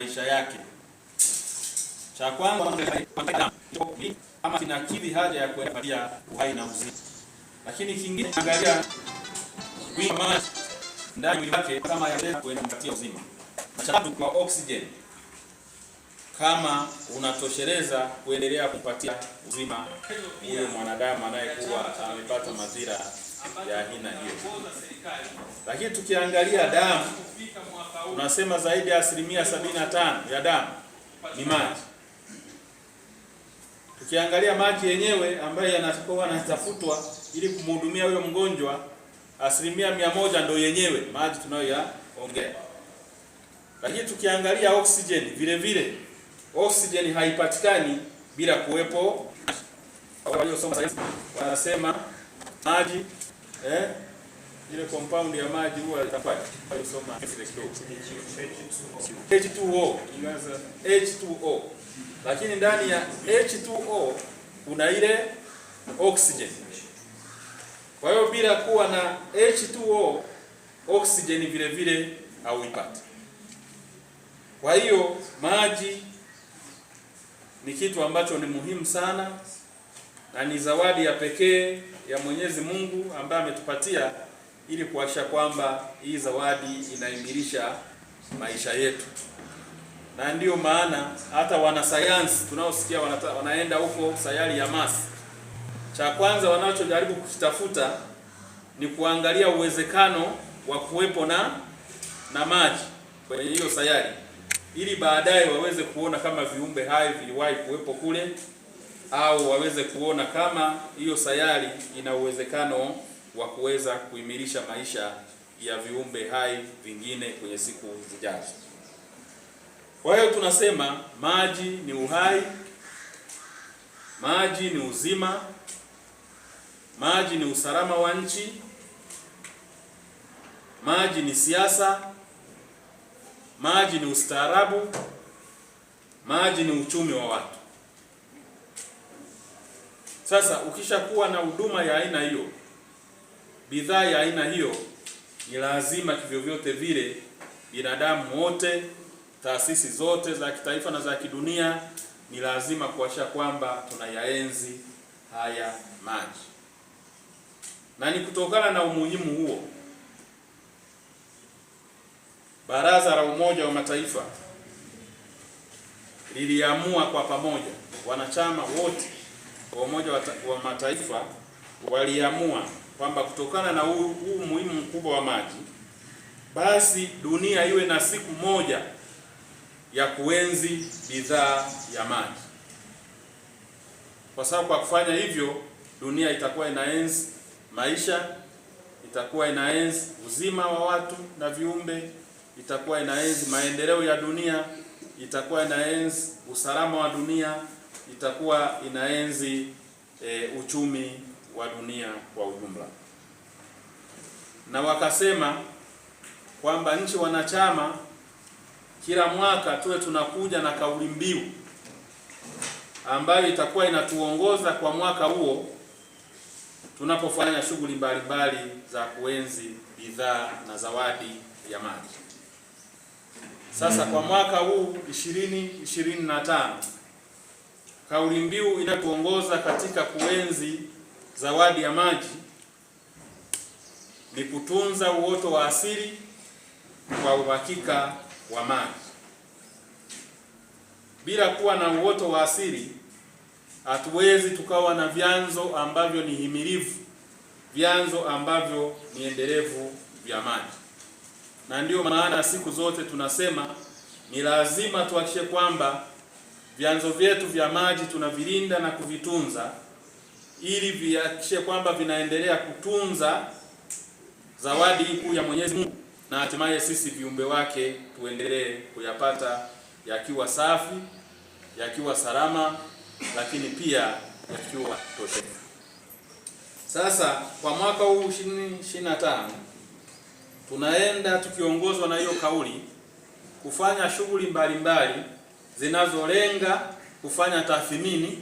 maisha yake. Cha kwanza kama kinakidhi haja ya kuendelea uhai na uzima, lakini kingine, angalia ndani yake kama yeye kumpatia uzima. Cha tatu kwa oxygen kama unatosheleza kuendelea kumpatia uzima huyo mwanadamu anayekuwa amepata madhira ya aina hiyo. Lakini tukiangalia damu, unasema zaidi ya asilimia sabini tano ya damu ni maji. Tukiangalia maji yenyewe ambayo yanakuwa yanatafutwa ili kumhudumia huyo mgonjwa, asilimia mia moja ndio yenyewe maji tunayoyaongea. Lakini tukiangalia oksijeni vile vile oksijeni haipatikani bila kuwepo waliosoma wanasema maji eh, ile compound ya maji huwa waliosoma H2O H2O, lakini ndani ya H2O kuna ile oxygen. Kwa hiyo bila kuwa na H2O oxygen vile vile hauipati. Kwa hiyo maji ni kitu ambacho ni muhimu sana na ni zawadi ya pekee ya Mwenyezi Mungu ambaye ametupatia ili kuhakikisha kwamba hii zawadi inaimarisha maisha yetu, na ndiyo maana hata wanasayansi tunaosikia wanata, wanaenda huko sayari ya Mars, cha kwanza wanachojaribu kukitafuta ni kuangalia uwezekano wa kuwepo na na maji kwenye hiyo sayari ili baadaye waweze kuona kama viumbe hai viliwahi kuwepo kule au waweze kuona kama hiyo sayari ina uwezekano wa kuweza kuimilisha maisha ya viumbe hai vingine kwenye siku zijazo. Kwa hiyo tunasema maji ni uhai, maji ni uzima, maji ni usalama wa nchi, maji ni siasa Maji ni ustaarabu, maji ni uchumi wa watu. Sasa ukishakuwa na huduma ya aina hiyo, bidhaa ya aina hiyo, ni lazima kivyovyote vile binadamu wote, taasisi zote za kitaifa na za kidunia, ni lazima kuhakikisha kwamba tunayaenzi haya maji, na ni kutokana na umuhimu huo Baraza Umoja wa Mataifa liliamua kwa pamoja, wanachama wote wa Umoja wa Mataifa waliamua kwamba kutokana na huu umuhimu mkubwa wa maji, basi dunia iwe na siku moja ya kuenzi bidhaa ya maji, kwa sababu kwa kufanya hivyo dunia itakuwa inaenzi maisha, itakuwa inaenzi uzima wa watu na viumbe itakuwa inaenzi maendeleo ya dunia, itakuwa inaenzi usalama wa dunia, itakuwa inaenzi e, uchumi wa dunia kwa ujumla. Na wakasema kwamba nchi wanachama kila mwaka tuwe tunakuja na kauli mbiu ambayo itakuwa inatuongoza kwa mwaka huo tunapofanya shughuli mbalimbali za kuenzi bidhaa na zawadi ya maji. Sasa kwa mwaka huu 2025 kauli mbiu inayotuongoza katika kuenzi zawadi ya maji ni kutunza uoto wa asili kwa uhakika wa maji. Bila kuwa na uoto wa asili hatuwezi tukawa na vyanzo ambavyo ni himilivu, vyanzo ambavyo ni endelevu vya maji na ndiyo maana siku zote tunasema ni lazima tuhakikishe kwamba vyanzo vyetu vya maji tunavilinda na kuvitunza, ili vihakikishe kwamba vinaendelea kutunza zawadi hii kuu ya Mwenyezi Mungu, na hatimaye sisi viumbe wake tuendelee kuyapata yakiwa safi, yakiwa salama, lakini pia yakiwa tosha. Sasa kwa mwaka huu 2025 tunaenda tukiongozwa na hiyo kauli kufanya shughuli mbalimbali zinazolenga kufanya tathmini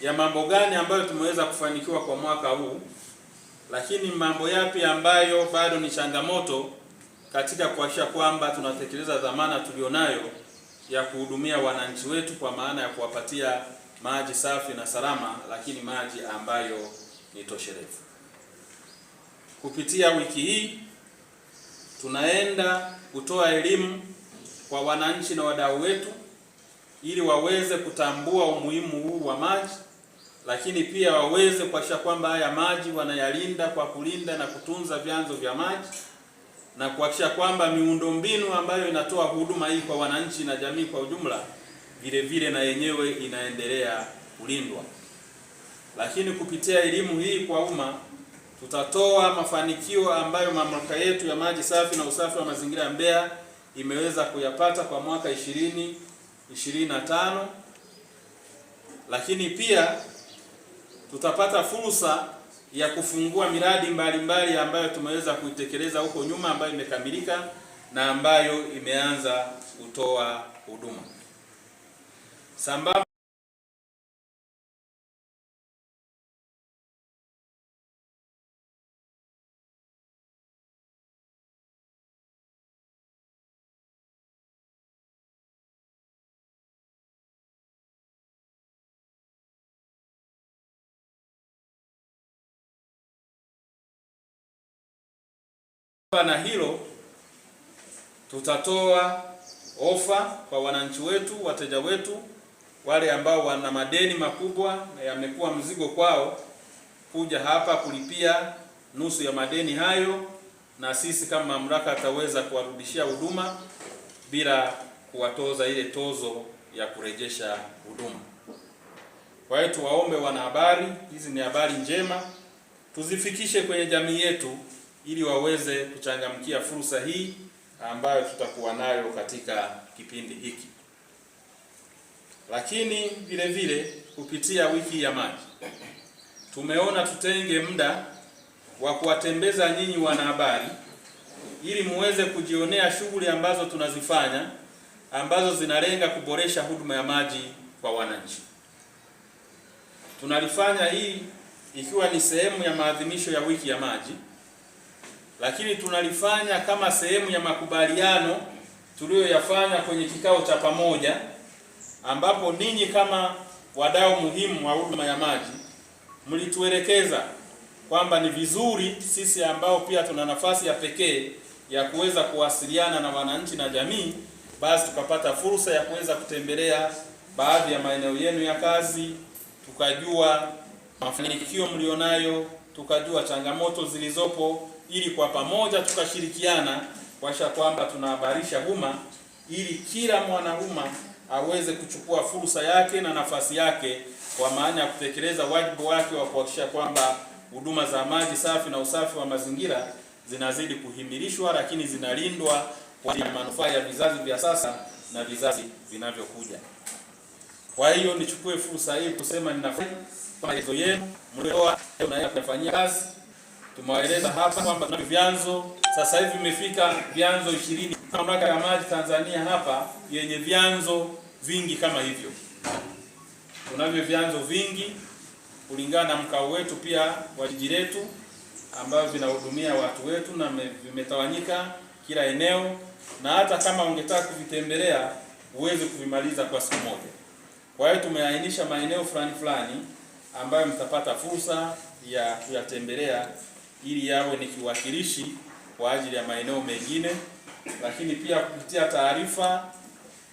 ya mambo gani ambayo tumeweza kufanikiwa kwa mwaka huu, lakini mambo yapi ambayo bado ni changamoto katika kuhakikisha kwamba tunatekeleza dhamana tulionayo ya kuhudumia wananchi wetu kwa maana ya kuwapatia maji safi na salama, lakini maji ambayo ni tosherefu. Kupitia wiki hii tunaenda kutoa elimu kwa wananchi na wadau wetu ili waweze kutambua umuhimu huu wa maji, lakini pia waweze kuhakikisha kwamba haya maji wanayalinda kwa kulinda na kutunza vyanzo vya maji na kuhakikisha kwamba miundombinu ambayo inatoa huduma hii kwa wananchi na jamii kwa ujumla vile vile na yenyewe inaendelea kulindwa. Lakini kupitia elimu hii kwa umma tutatoa mafanikio ambayo mamlaka yetu ya maji safi na usafi wa mazingira ya Mbeya imeweza kuyapata kwa mwaka 20 25, lakini pia tutapata fursa ya kufungua miradi mbalimbali mbali ambayo tumeweza kuitekeleza huko nyuma ambayo imekamilika na ambayo imeanza kutoa huduma sambamba Na hilo tutatoa ofa kwa wananchi wetu, wateja wetu, wale ambao wana madeni makubwa na yamekuwa mzigo kwao, kuja hapa kulipia nusu ya madeni hayo, na sisi kama mamlaka ataweza kuwarudishia huduma bila kuwatoza ile tozo ya kurejesha huduma. Kwa hiyo tuwaombe wanahabari, hizi ni habari njema, tuzifikishe kwenye jamii yetu ili waweze kuchangamkia fursa hii ambayo tutakuwa nayo katika kipindi hiki. Lakini vile vile kupitia wiki ya maji tumeona tutenge muda wa kuwatembeza nyinyi wanahabari ili muweze kujionea shughuli ambazo tunazifanya ambazo zinalenga kuboresha huduma ya maji kwa wananchi. Tunalifanya hii ikiwa ni sehemu ya maadhimisho ya wiki ya maji lakini tunalifanya kama sehemu ya makubaliano tuliyoyafanya kwenye kikao cha pamoja, ambapo ninyi kama wadau muhimu wa huduma ya maji mlituelekeza kwamba ni vizuri sisi ambao pia tuna nafasi ya pekee ya kuweza kuwasiliana na wananchi na jamii, basi tukapata fursa ya kuweza kutembelea baadhi ya maeneo yenu ya kazi, tukajua mafanikio mlionayo, tukajua changamoto zilizopo ili kwa pamoja tukashirikiana kuhakikisha kwamba tunahabarisha umma ili kila mwanaumma aweze kuchukua fursa yake na nafasi yake kwa maana ya kutekeleza wajibu wake wa kuhakikisha kwamba huduma za maji safi na usafi wa mazingira zinazidi kuhimilishwa, lakini zinalindwa kwa manufaa ya vizazi vya sasa na vizazi vinavyokuja. Kwa hiyo nichukue fursa hii kusema ninafurahi kwa maelezo yenu mliotoa, tunayafanyia kazi tumewaeleza hapa kwamba tuna vyanzo sasa hivi vimefika vyanzo ishirini mamlaka ya maji Tanzania hapa yenye vyanzo vingi kama hivyo. Tunavyo vyanzo vingi kulingana na mkao wetu pia wa jiji letu ambayo vinahudumia watu wetu na vimetawanyika kila eneo, na hata kama ungetaka kuvitembelea huwezi kuvimaliza kwa siku moja. Kwa hiyo tumeainisha maeneo fulani fulani ambayo mtapata fursa ya kuyatembelea ili yawe ni kiwakilishi kwa ajili ya maeneo mengine, lakini pia kupitia taarifa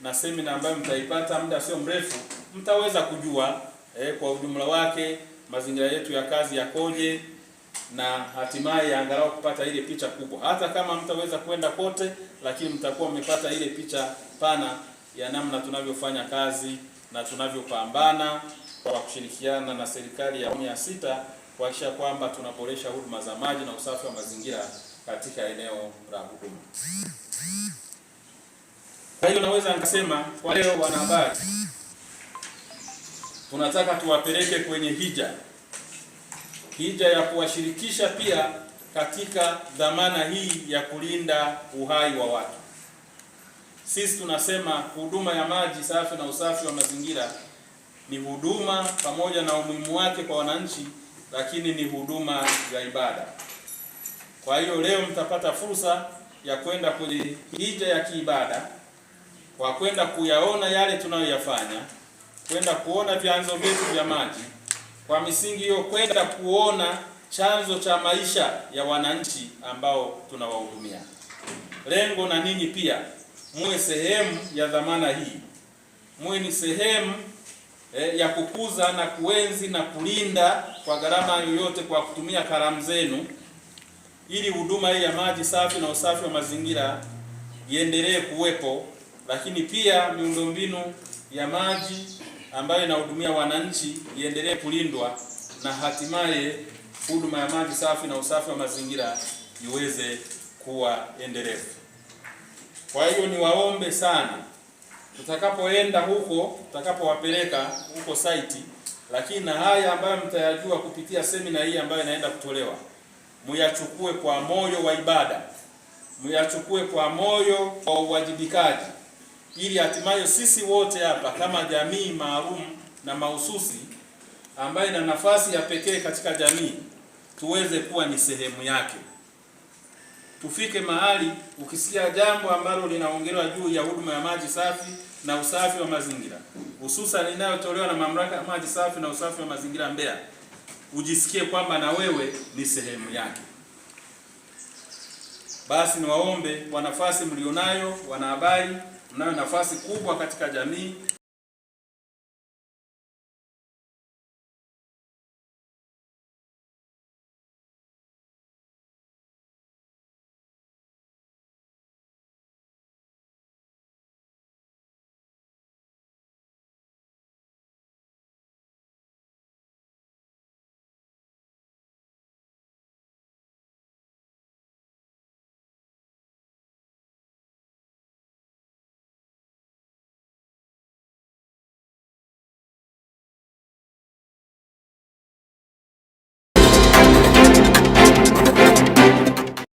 na semina ambayo mtaipata muda sio mrefu, mtaweza kujua eh, kwa ujumla wake mazingira yetu ya kazi yakoje na hatimaye angalau kupata ile picha kubwa. Hata kama mtaweza kwenda kote, lakini mtakuwa mmepata ile picha pana ya namna tunavyofanya kazi na tunavyopambana kwa kushirikiana na serikali ya awamu ya sita kuhakikisha kwamba tunaboresha huduma za maji na usafi wa mazingira katika eneo la huduma Kwa hiyo naweza nikasema kwa leo, wanahabari, tunataka tuwapeleke kwenye hija, hija ya kuwashirikisha pia katika dhamana hii ya kulinda uhai wa watu. Sisi tunasema huduma ya maji safi na usafi wa mazingira ni huduma pamoja na umuhimu wake kwa wananchi lakini ni huduma za ibada. Kwa hiyo leo mtapata fursa ya kwenda kwenye hija ya kiibada kwa kwenda kuyaona yale tunayoyafanya, kwenda kuona vyanzo vyetu vya maji. Kwa misingi hiyo, kwenda kuona chanzo cha maisha ya wananchi ambao tunawahudumia. Lengo na ninyi pia muwe sehemu ya dhamana hii, muwe ni sehemu eh, ya kukuza na kuenzi na kulinda kwa gharama yoyote kwa kutumia karamu zenu ili huduma hii ya maji safi na usafi wa mazingira iendelee kuwepo, lakini pia miundombinu ya maji ambayo inahudumia wananchi iendelee kulindwa na hatimaye huduma ya maji safi na usafi wa mazingira iweze kuwa endelevu. Kwa hiyo niwaombe sana tutakapoenda huko, tutakapowapeleka huko site, lakini na haya ambayo mtayajua kupitia semina hii ambayo inaenda kutolewa, muyachukue kwa moyo wa ibada, muyachukue kwa moyo wa uwajibikaji, ili hatimaye sisi wote hapa kama jamii maalum na mahususi ambayo ina nafasi ya pekee katika jamii tuweze kuwa ni sehemu yake. Tufike mahali ukisikia jambo ambalo linaongelewa juu ya huduma ya maji safi na usafi wa mazingira, hususan inayotolewa na mamlaka ya maji safi na usafi wa mazingira Mbeya, ujisikie kwamba na wewe ni sehemu yake. Basi niwaombe kwa nafasi mlionayo, wanahabari, mnayo nafasi kubwa katika jamii